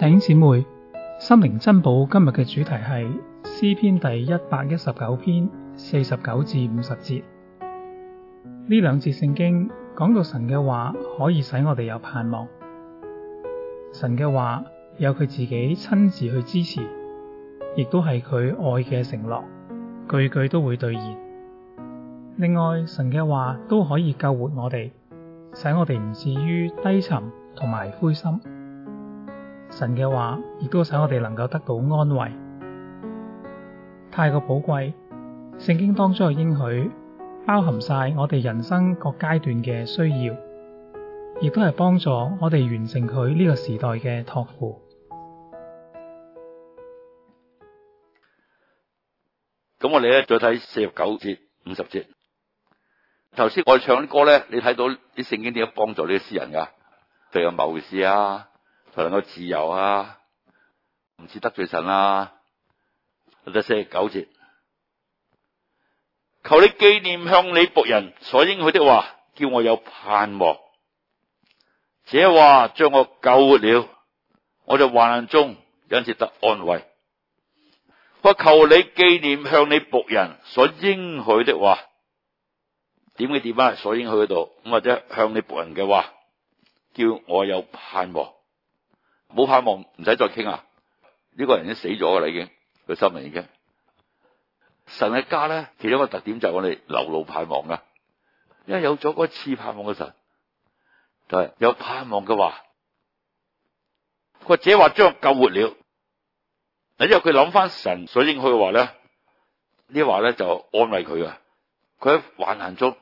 弟兄姊妹，心靈珍寶今日嘅主題係詩篇第一百一十九篇四十九至五十節。呢兩節聖經講到神嘅話，可以使我哋有盼望。神嘅話有佢自己親自去支持，亦都係佢愛嘅承諾，句句都會兌現。另外，神嘅話都可以救活我哋，使我哋唔至於低沉同埋灰心。神嘅話，亦都使我哋能夠得到安慰，太過寶貴。聖經當中嘅應許，包含晒我哋人生各階段嘅需要，亦都係幫助我哋完成佢呢個時代嘅託付。咁我哋咧再睇四十九節、五十節。頭先我哋唱啲歌咧，你睇到啲聖經點樣幫助呢啲詩人噶，譬如有謀士啊。才能夠自由啊！唔似得罪神啦、啊。第四十九節，求你紀念向你僕人所應許的話，叫我有盼望。這話將我救活了，我在患難中因此得安慰。我求你紀念向你僕人所應許的話，點嘅點啊？所應許嗰度咁或者向你僕人嘅話，叫我有盼望。冇盼望，唔使再傾啊！呢、這個人已經死咗噶啦，已經佢心靈已經。神嘅家咧，其中一個特點就係我哋流露盼望噶，因為有咗嗰次盼望嘅神，就係、是、有盼望嘅話，或者話將救活了。嗱，因為佢諗翻神所應許嘅話咧，呢話咧就安慰佢啊。佢喺患難中，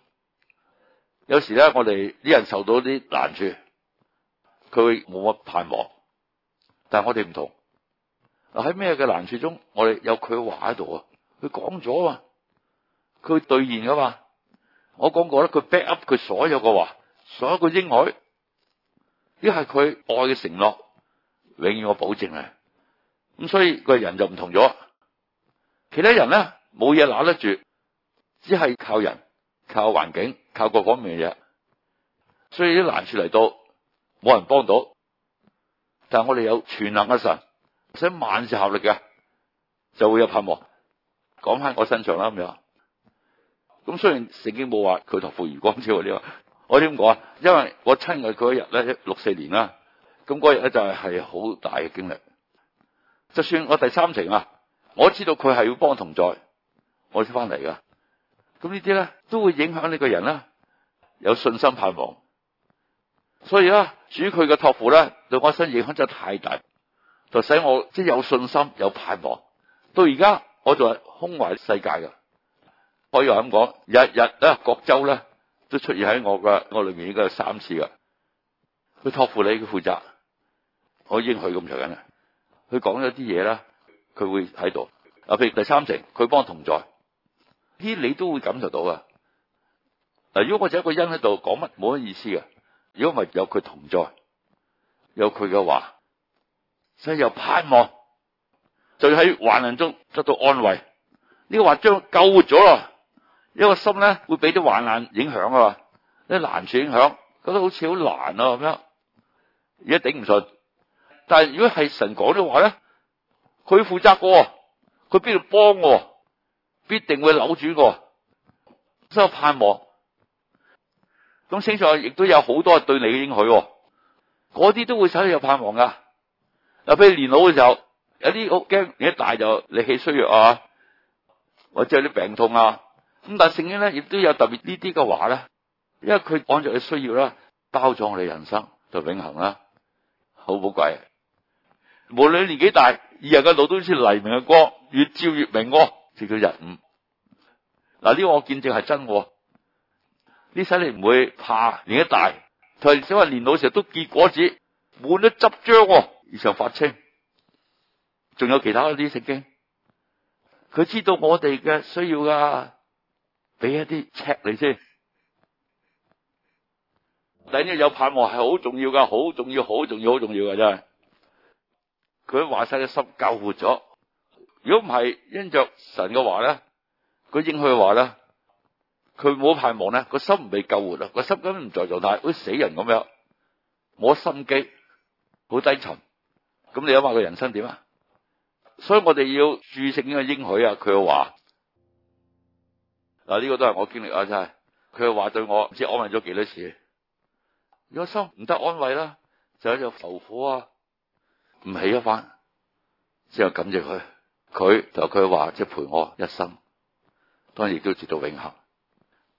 有時咧我哋啲人受到啲難處，佢會冇乜盼望。但係我哋唔同啊，喺咩嘅難處中，我哋有佢嘅話喺度啊，佢講咗啊，佢兌現噶嘛，我講過啦，佢 back up 佢所有嘅話，所有嘅應許呢係佢愛嘅承諾，永遠我保證啊，咁所以個人就唔同咗，其他人咧冇嘢拿得住，只係靠人、靠環境、靠各方面嘅嘢，所以啲難處嚟到，冇人幫到。但係我哋有全能嘅神，想萬事效力嘅，就會有盼望。講翻我身上啦咁樣。咁雖然聖經冇話佢同富如光照，只不過我點講啊？因為我親近佢嗰日咧，六四年啦。咁嗰日咧就係係好大嘅經歷。就算我第三程啊，我知道佢係要幫同在，我先翻嚟噶。咁呢啲咧都會影響呢個人啦，有信心盼望。所以咧，主佢嘅託付咧，對我一生影響真係太大，就使我即係有信心、有盼望。到而家，我仲係胸懷世界噶，可以話咁講。日日啊，各州咧都出現喺我嘅我裏面，應該有三次噶。佢托付你，佢負責，我已經去咁長緊啦。佢講咗啲嘢啦，佢會喺度。啊，譬如第三城，佢幫我同在，呢你都會感受到噶。嗱，如果我就一個人喺度講乜，冇乜意思嘅。如果唔係有佢同在，有佢嘅話，所以有盼望，就喺患難中得到安慰。呢、這個話將救活咗咯，因為個心咧會俾啲患難影響啊嘛，啲難處影響，覺得好似好難啊。咁樣，而家頂唔順。但係如果係神講嘅話咧，佢負責過，佢邊度幫我，必定會扭轉我，所以有盼望。咁聖經，亦都有好多對你嘅應許，哦，嗰啲都會使你有盼望噶。嗱，譬如年老嘅時候，有啲好驚，你一大就力氣衰弱啊，或者有啲病痛啊。咁但係聖經咧，亦都有特別呢啲嘅話咧，因為佢按著你需要啦，包咗我哋人生就永恒啦，好寶貴啊。無論年紀大，義人嘅路都好似黎明嘅光，越照越明啊，直到日午。嗱，呢個我見證係真哦。呢生你唔會怕年紀大，佢話年老時候都結果子，滿了汁漿，而常發青，仲有其他嗰啲食經，佢知道我哋嘅需要噶，俾一啲尺你先，等你有盼望係好重要噶，好重要，好重要，好重要噶，真係，佢話晒啲心救活咗，如果唔係因着神嘅話咧，佢應許嘅話咧。佢冇盼望咧，個心未救活啦，個心根本唔在狀態，好似死人咁樣，冇心機，好低沉。咁你諗下佢人生點啊？所以我哋要注醒呢個應許啊！佢又話嗱，呢個都係我經歷啊，真係佢又話對我唔知安慰咗幾多次。如果心唔得安慰啦，就喺度求火啊，唔起一番，之後感謝佢，佢就佢話即係陪我一生，當然亦都直到永恆。